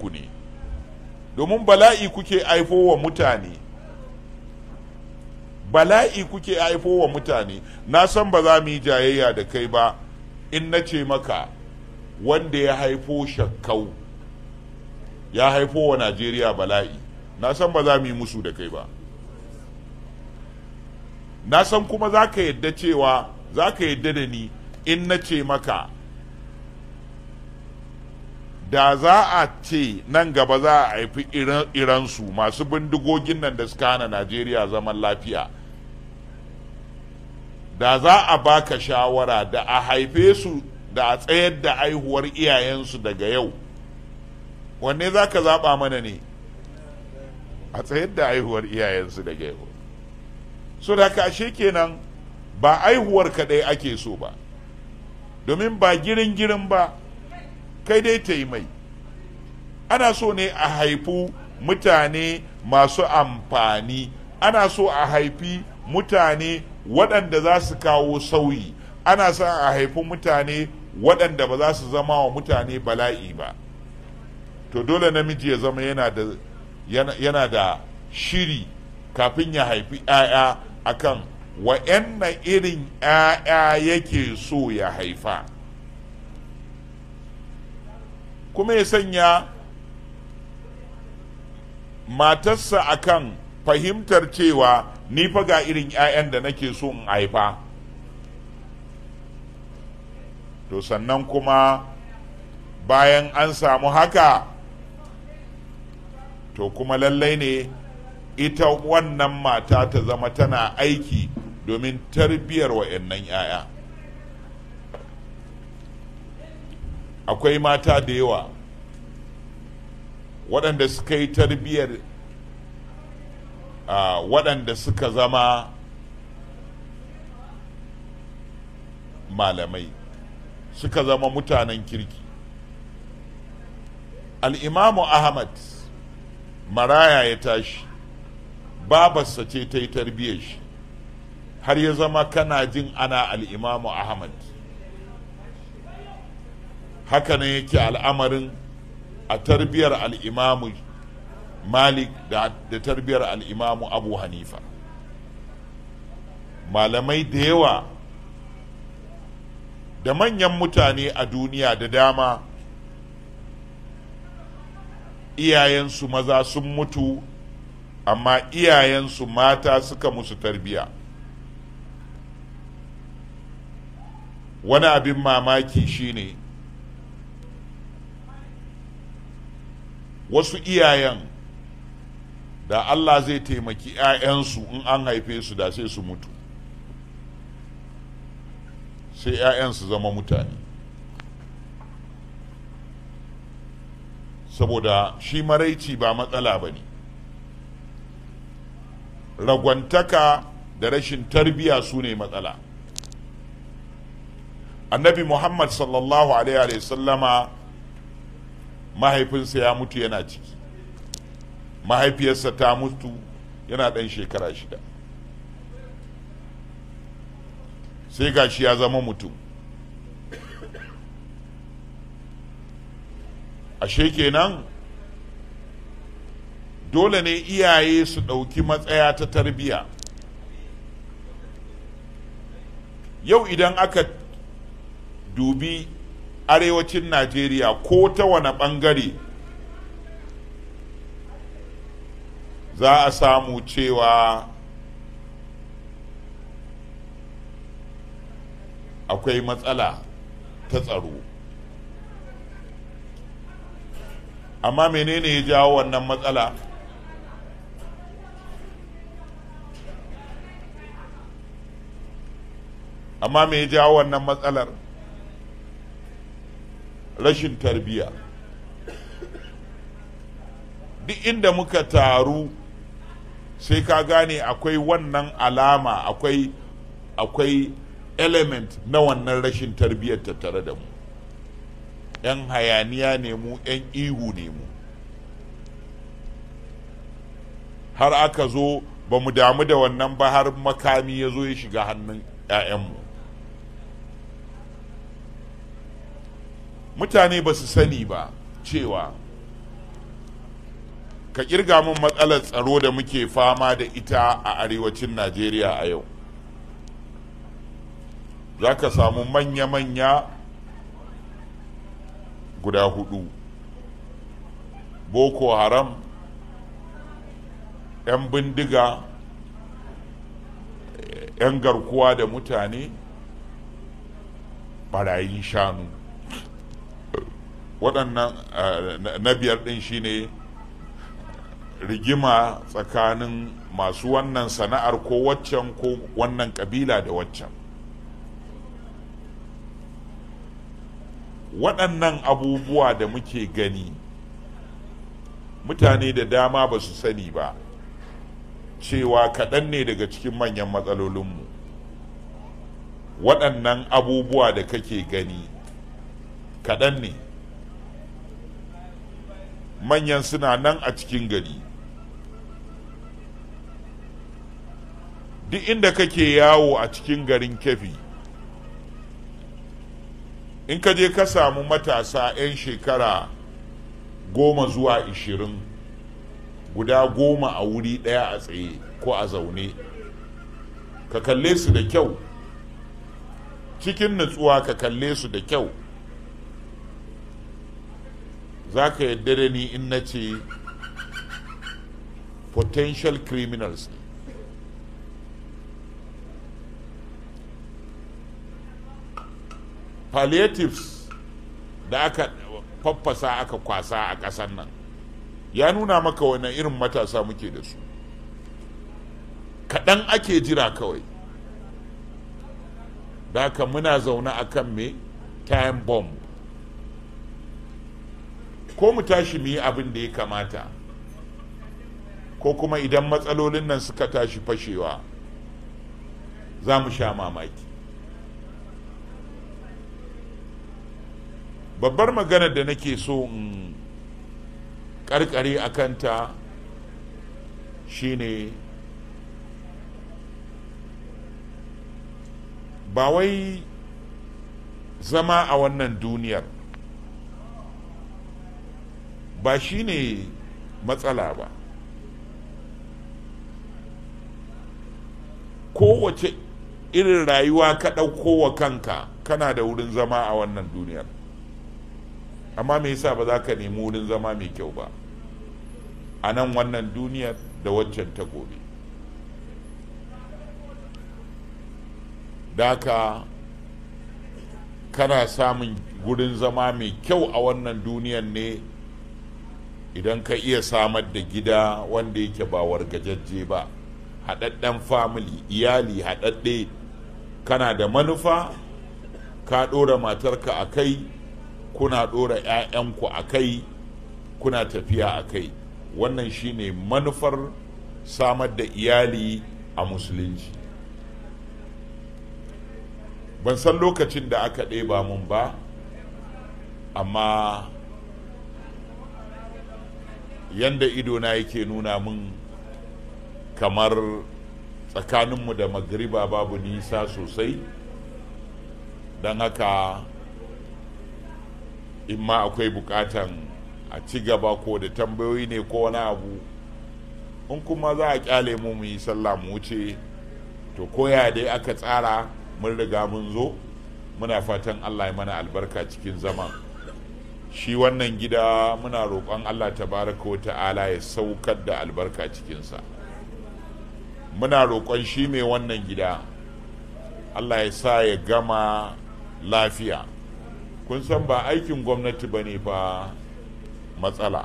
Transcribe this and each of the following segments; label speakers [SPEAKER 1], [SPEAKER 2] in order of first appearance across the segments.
[SPEAKER 1] ku ne domin bala'i kuke aifo wa mutane bala'i kuke aifo mutane na san ba za mu yi jayayya da kai ba in na ce maka wanda ya haifo shakkau ya haifo wa najeriya bala'i na san ba za mu yi musu da kai ba na san kuma za ka yadda cewa za ka yadda da ni in na ce maka da za a ce nan gaba za a haifi iransu masu bindigogin nan da suka hana najeriya zaman lafiya da za a baka shawara da a haife su da a tsayar da aihuwar iyayensu daga yau wanne za ka zaɓa mana ne a tsayar da aihuwar iyayensu daga yau so da ka kenan ba aihuwar kaɗai ake so ba domin ba girin girin ba kai dai ta yi mai ana so ne a haifu mutane masu amfani ana so a haifi mutane waɗanda za su kawo sauyi ana so a haifi mutane waɗanda ba za su zama wa mutane bala'i ba to dole namiji ya zama yana da, shiri kafin ya haifi 'ya'ya akan wa'yan irin 'ya'ya yake so ya haifa kuma ya sanya matarsa akan fahimtar cewa ni fa ga irin 'ya'yan da nake so in haifa to sannan kuma bayan an samu haka to kuma lallai ne ita wannan mata ta zama tana aiki domin tarbiyar tarbiyyar wa'annan 'ya'ya akwai mata da yawa waɗanda suka yi tarbiyyar ah, waɗanda suka zama malamai suka zama mutanen kirki al'imamu ahmad maraya ya tashi babarsa ce ta yi tarbiyyar shi har ya zama kana jin ana al'imamu ahmad haka nan yake al'amarin a tarbiyar al'imamu malik da tarbiyar al'imamu abu hanifa malamai da yawa da manyan mutane a duniya da dama iyayensu maza sun mutu amma iyayensu mata suka musu tarbiya wani abin mamaki shine wasu iyayen da Allah zai taimaki 'ya'yansu in an haife su da sai su mutu sai 'ya'yan su zama mutane saboda shi maraici ba matsala ba ne ragwantaka da rashin tarbiya su ne matsala annabi muhammad sallallahu alaihi sallama mahaifinsa ya mutu yana ciki mahaifiyarsa ta mutu yana ɗan shekara shida sai gashi ya zama mutum ashe kenan dole ne iyaye su ɗauki matsaya ta tarbiyya yau idan aka dubi arewacin najeriya ko ta wani bangare za a samu cewa akwai matsala ta tsaro amma menene ya jawo wannan matsala amma me ya jawo wannan matsalar rashin tarbiya duk inda muka taru sai ka gane akwai wannan alama akwai akwai element na wannan rashin tarbiyyar tattare da mu yan hayaniya ne mu yan ihu ne mu har aka zo ba mu damu da wannan ba har makami ya zo ya shiga hannun 'ya'yanmu mutane ba su sani ba cewa ka kirga min matsalar tsaro da muke fama da ita a arewacin najeriya a yau za ka samu manya-manya guda hudu boko haram 'yan bindiga 'yan garkuwa da mutane barayin shanu waɗannan na biyar ɗin shine rigima tsakanin masu wannan sana'ar ko waccan ko wannan ƙabila da waccan waɗannan abubuwa da muke gani mutane da dama ba su sani ba cewa kaɗan ne daga cikin manyan matsalolinmu waɗannan abubuwa da kake gani kaɗan ne manyan suna nan a cikin gari duk inda kake yawo a cikin garin kefi in ka je ka samu matasa 'yan shekara goma zuwa ishirin guda goma a wuri ɗaya a tsaye ko a zaune ka kalle su da kyau cikin nutsuwa ka kalle su da kyau za ka yadda da ni in na ce potential criminals ne palliatives da aka faffasa aka kwasa a ƙasar nan ya nuna maka wani irin matasa muke da su kaɗan ake jira kawai da haka muna zaune akan me time bomb ko mu tashi mu yi abin da ya kamata ko kuma idan matsalolin nan suka tashi fashewa za mu sha mamaki babbar maganar da nake so in karkare a kanta shine ba wai zama a wannan duniyar ba shi ne matsala ba kowace irin rayuwa ka ɗauko wa kanka kana da wurin zama a wannan duniyar amma me yasa ba za ka nemi wurin zama mai kyau ba a nan wannan duniyar da waccan ta gobe daka kana samun wurin zama mai kyau a wannan duniyar ne idan ka iya samar da gida wanda yake ba wargajajje ba haɗaɗɗen family iyali haɗaɗɗe kana da manufa ka ɗora matarka a kuna ɗora 'ya'yanku a kuna tafiya akai kai wannan shine manufar samar da iyali a musulunci ban san lokacin da aka ɗeba mun ba amma yanda idona yake nuna min kamar tsakaninmu da magriba babu nisa sosai don haka in ma akwai bukatan a ci gaba ko da tambayoyi ne ko wani abu in kuma za a kyale mu mu yi sallah mu wuce to koya dai aka tsara mun riga mun zo muna fatan allah ya mana albarka cikin zaman shi wannan gida muna roƙon Allah tabaraka wa ta'ala ya saukar da albarka cikinsa muna roƙon shi mai wannan gida Allah ya sa ya gama lafiya kun san ba aikin gwamnati ba ne ba matsala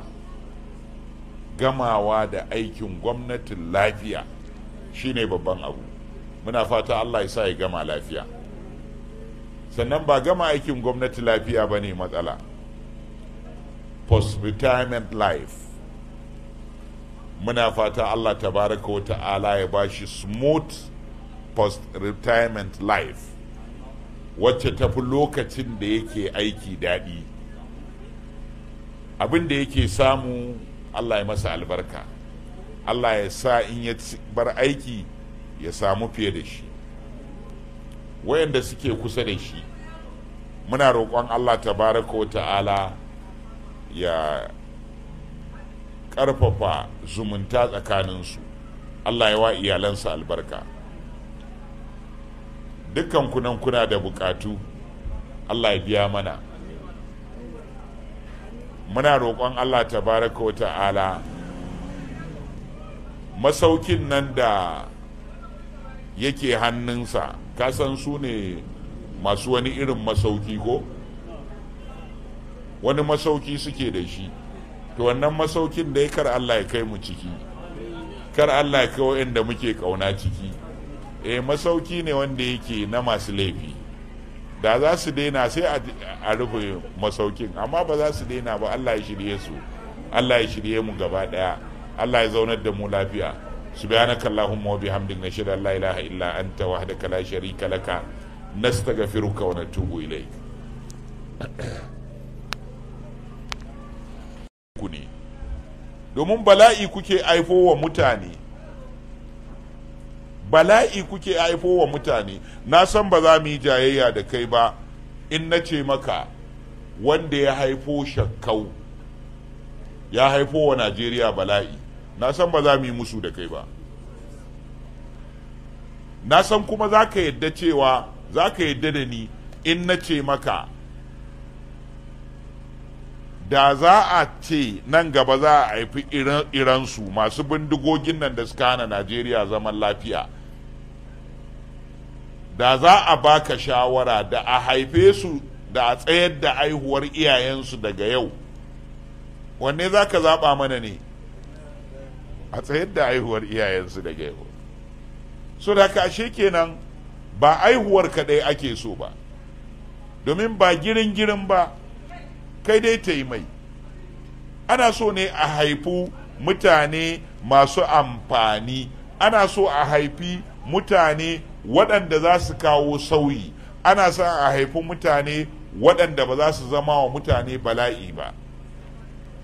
[SPEAKER 1] gamawa da aikin gwamnati lafiya shine babban abu muna fata Allah ya sa ya gama lafiya sannan ba gama aikin gwamnati lafiya ba ne matsala post-retirement life muna fata Allah tabaraka wa ta'ala ya ba shi smooth post-retirement life wacce tafi lokacin da yake aiki daɗi abin da yake samu Allah ya masa albarka Allah ya sa in ya bar aiki ya samu fiye da shi wayanda suke kusa da shi muna roƙon Allah tabaraka wa ta'ala ya ƙarfafa zumunta tsakaninsu allah ya wa iyalansa albarka dukkan kunan kuna da bukatu allah ya biya mana muna roƙon allah baraka wa ta'ala masaukin nan da yake hannunsa kasan su ne masu wani irin masauki ko? wani masauki suke da shi to wannan masaukin dai kar Allah ya kai mu ciki kar Allah ya kai wa'anda muke kauna ciki eh masauki ne wanda yake na masu laifi da za su daina sai a rufe masaukin amma ba za su daina ba Allah ya shirye su Allah ya shirye mu gaba daya Allah ya zaunar da mu lafiya subhanaka allahumma wa bihamdika nashhadu an la ilaha illa anta wahdaka la sharika laka nastaghfiruka wa natubu ilayk domin bala'i kuke aifo wa mutane bala'i kuke aifo wa mutane na san ba za mu yi jayayya da kai ba in na ce maka wanda ya haifo shakkau ya haifo wa najeriya bala'i na san ba za mu yi musu da kai ba na san kuma za ka yadda cewa za ka yadda da ni in na ce maka da za a ce nan gaba za a haifi iransu masu bindigogin nan da suka hana najeriya zaman lafiya da za a baka shawara da a haife su da a tsayar da aihuwar iyayensu daga yau wanne za ka zaɓa mana ne a tsayar da aihuwar iyayensu daga yau so da ka kenan ba aihuwar kaɗai ake so ba domin ba girin girin ba kai dai ta yi mai ana so ne a haifu mutane masu amfani ana so a haifi mutane waɗanda za su kawo sauyi ana so a haifi mutane waɗanda ba za su zama wa mutane bala'i ba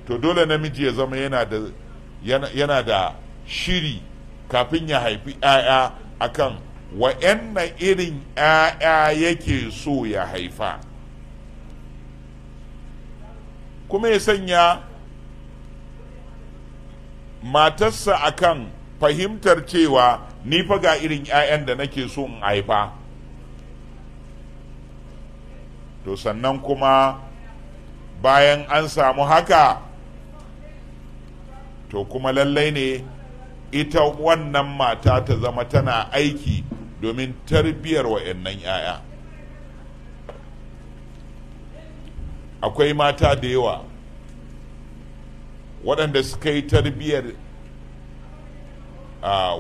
[SPEAKER 1] to dole namiji ya zama yana da shiri kafin ya haifi 'ya'ya akan wa'yan irin 'ya'ya yake so ya haifa kuma ya sanya matarsa akan fahimtar cewa ni fa ga irin 'ya'yan da nake so in haifa to sannan kuma bayan an samu haka to kuma lallai ne ita wannan mata ta zama tana aiki domin tarbiyar wa'annan 'ya'ya akwai mata da yawa waɗanda suka yi tarbiyyar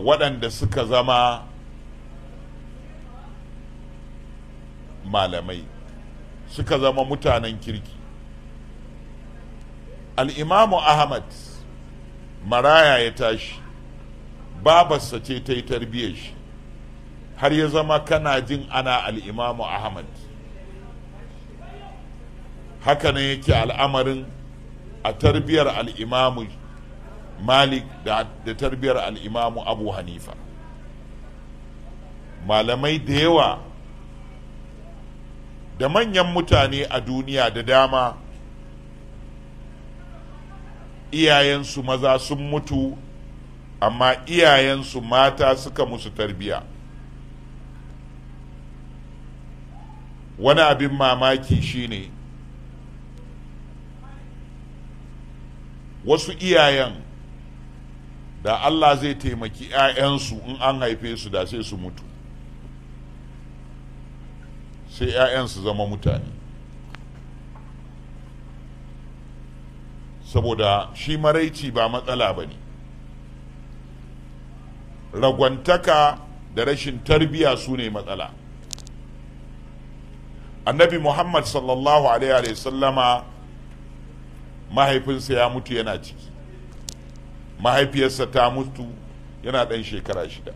[SPEAKER 1] waɗanda suka zama malamai suka zama mutanen kirki al'imamu ahmad maraya ya tashi babarsa ce ta yi tarbiyyar shi har ya zama kana jin ana al'imamu ahmad haka ne yake al'amarin a tarbiyar al'imamu malik da tarbiyar al'imamu abu hanifa malamai da yawa da manyan mutane a duniya da dama iyayensu maza sun mutu amma iyayensu mata suka musu tarbiya wani abin mamaki shine wasu iyayen da Allah zai taimaki 'ya'yansu in an haife su da sai su mutu sai 'ya'yansu zama mutane saboda shi maraici ba matsala ba ne ragwantaka da rashin tarbiya su ne matsala annabi muhammad sallallahu alaihi sallama mahaifinsa ya mutu yana ciki mahaifiyarsa ta mutu yana ɗan shekara shida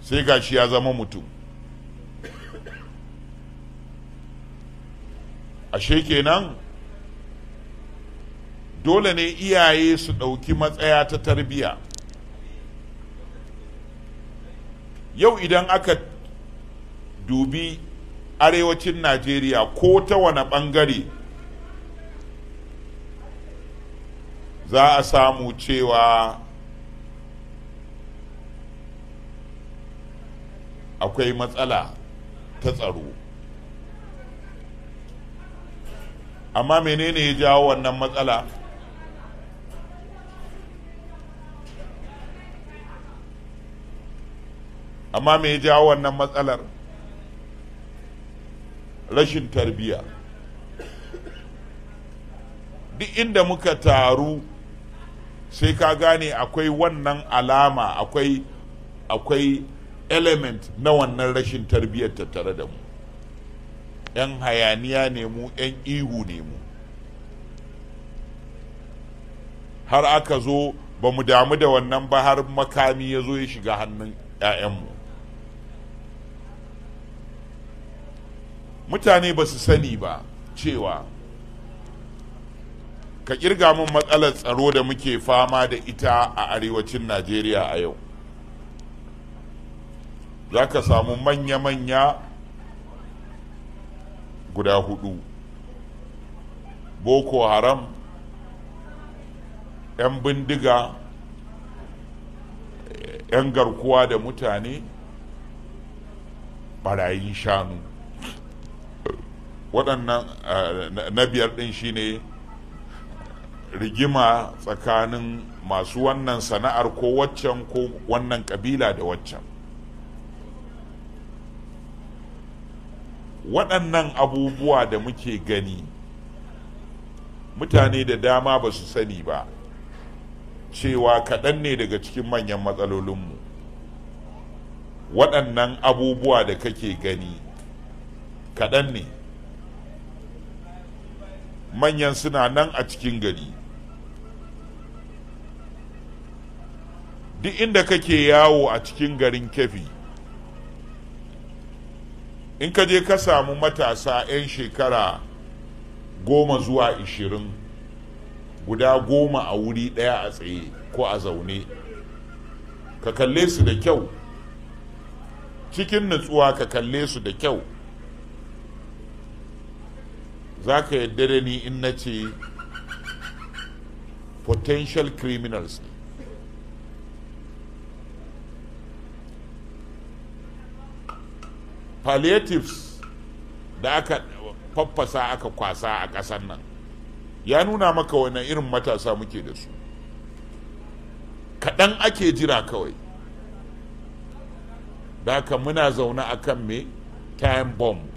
[SPEAKER 1] sai gashi ya zama mutum ashe kenan dole ne iyaye su ɗauki matsaya ta tarbiyya yau idan aka dubi arewacin najeriya ko ta wani ɓangare za a samu cewa akwai matsala ta tsaro amma menene ya jawo wannan matsala amma me ya jawo wannan matsalar rashin tarbiya duk inda muka taru sai ka gane akwai wannan alama akwai akwai element na wannan rashin tarbiyyar tattare da mu yan hayaniya ne mu yan ihu ne mu har aka zo ba mu damu da wannan ba har makami ya zo ya shiga hannun 'ya'yanmu mutane ba su sani ba cewa ka kirga mun matsalar tsaro da muke fama da ita a arewacin najeriya a yau za ka samu manya-manya guda hudu boko haram 'yan bindiga 'yan garkuwa da mutane barayin shanu waɗannan na biyar ɗin ne rigima tsakanin masu wannan sana'ar ko waccan ko wannan ƙabila da waccan waɗannan abubuwa da muke gani mutane da dama ba su sani ba cewa kaɗan ne daga cikin manyan matsalolinmu waɗannan abubuwa da kake gani kaɗan ne manyan suna nan a cikin gari duk inda kake yawo a cikin garin kefi in ka je ka samu matasa 'yan shekara goma zuwa ishirin guda goma a wuri ɗaya a tsaye ko a zaune ka kalle su da kyau cikin nutsuwa ka kalle su da kyau za ka yadda da ni in na ce potential criminals palliatives da aka faffasa aka kwasa a ƙasar nan ya nuna maka wani irin matasa muke da su kaɗan ake jira kawai da haka muna zaune a kan me time bomb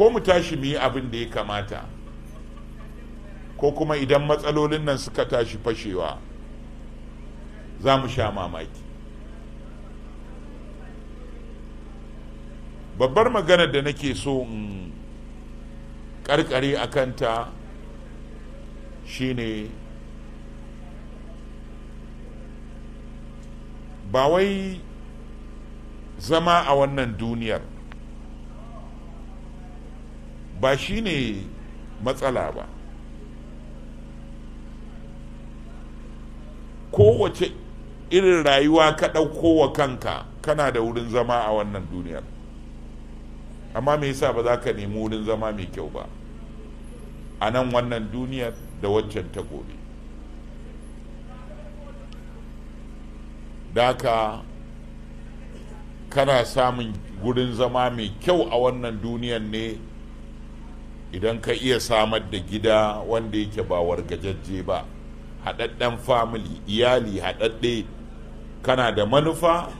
[SPEAKER 1] ko mu tashi mu yi abin da ya kamata ko kuma idan matsalolin nan suka tashi fashewa za mu sha mamaki babbar magana da nake so in karkare a kanta shine ba wai zama a wannan duniyar ba shi ne matsala ba kowace irin rayuwa ka ɗauko wa kanka kana da wurin zama a wannan duniyar amma me yasa ba za ka nemi wurin zama mai kyau ba a nan wannan duniyar da waccan ta gobe daka kana samun wurin zama mai kyau a wannan duniyar ne idan ka iya samar da gida wanda yake ba wargajajje ba haɗaɗɗen family iyali haɗaɗɗe kana da manufa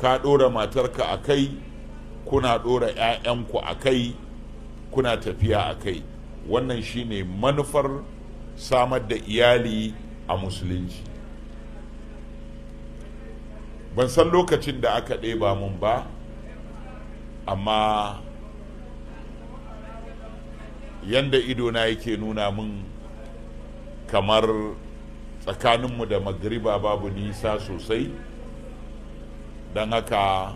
[SPEAKER 1] ka ɗora matarka a kai kuna ɗora 'ya'yanku a kai kuna tafiya akai kai wannan shine manufar samar da iyali a musulunci ban san lokacin da aka ɗeba mun ba amma yanda idona yake nuna min kamar tsakaninmu da magriba babu nisa sosai don haka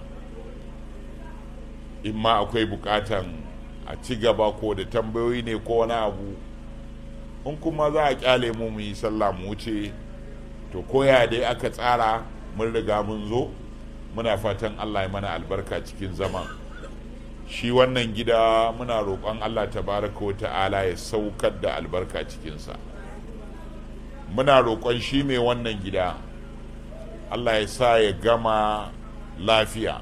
[SPEAKER 1] in ma akwai bukatan a ci gaba ko da tambayoyi ne ko wani abu in kuma za a kyale mu mu yi sallah mu wuce to koya dai aka tsara mun riga mun zo muna fatan allah ya mana albarka cikin zaman shi wannan gida muna roƙon Allah tabaraka wa ta'ala ya saukar da albarka cikinsa muna roƙon shi mai wannan gida Allah ya sa ya gama lafiya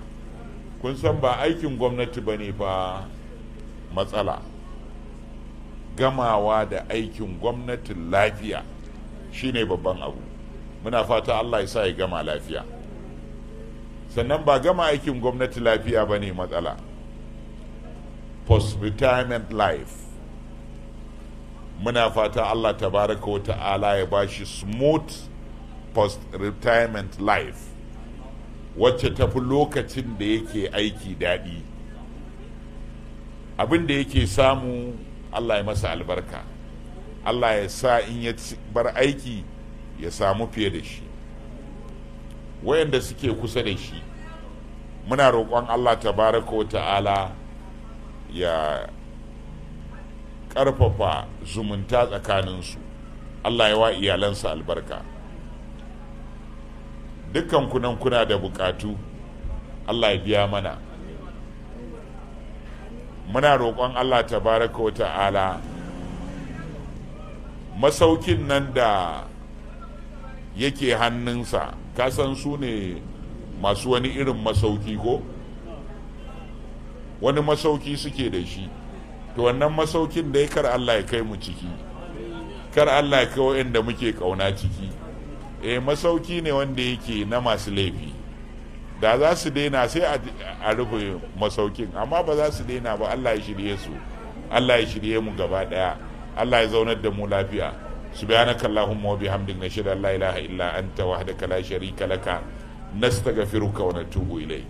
[SPEAKER 1] kun san ba aikin gwamnati ba ne ba matsala gamawa da aikin gwamnatin lafiya shine babban abu muna fata Allah ya sa ya gama lafiya sannan ba gama aikin gwamnati lafiya ba ne matsala post-retirement life muna fata Allah tabaraka wa ta'ala ya ba shi smooth post-retirement life wacce tafi lokacin da yake aiki daɗi abin da yake samu Allah ya masa albarka Allah ya sa in ya bar aiki ya samu fiye da shi wayanda suke kusa da shi muna roƙon Allah tabaraka wa ta'ala ya ƙarfafa zumunta tsakaninsu allah ya wa iyalansa albarka dukkan kunan kuna da bukatu allah ya biya mana muna roƙon allah tabaraka wa ta'ala masaukin nan da yake hannunsa kasan su ne masu wani irin masauki ko? wani masauki suke da shi to wannan masaukin dai kar Allah ya kai mu ciki kar Allah ya kai inda muke kauna ciki eh masauki ne wanda yake na masu laifi da za su daina sai a rufe masaukin amma ba za su daina ba Allah ya shirye su Allah ya shirye mu gaba daya Allah ya zaunar da mu lafiya subhanakallahumma wa bihamdika nashhadu an la ilaha illa anta wahdaka la sharika laka nastaghfiruka wa natubu ilayk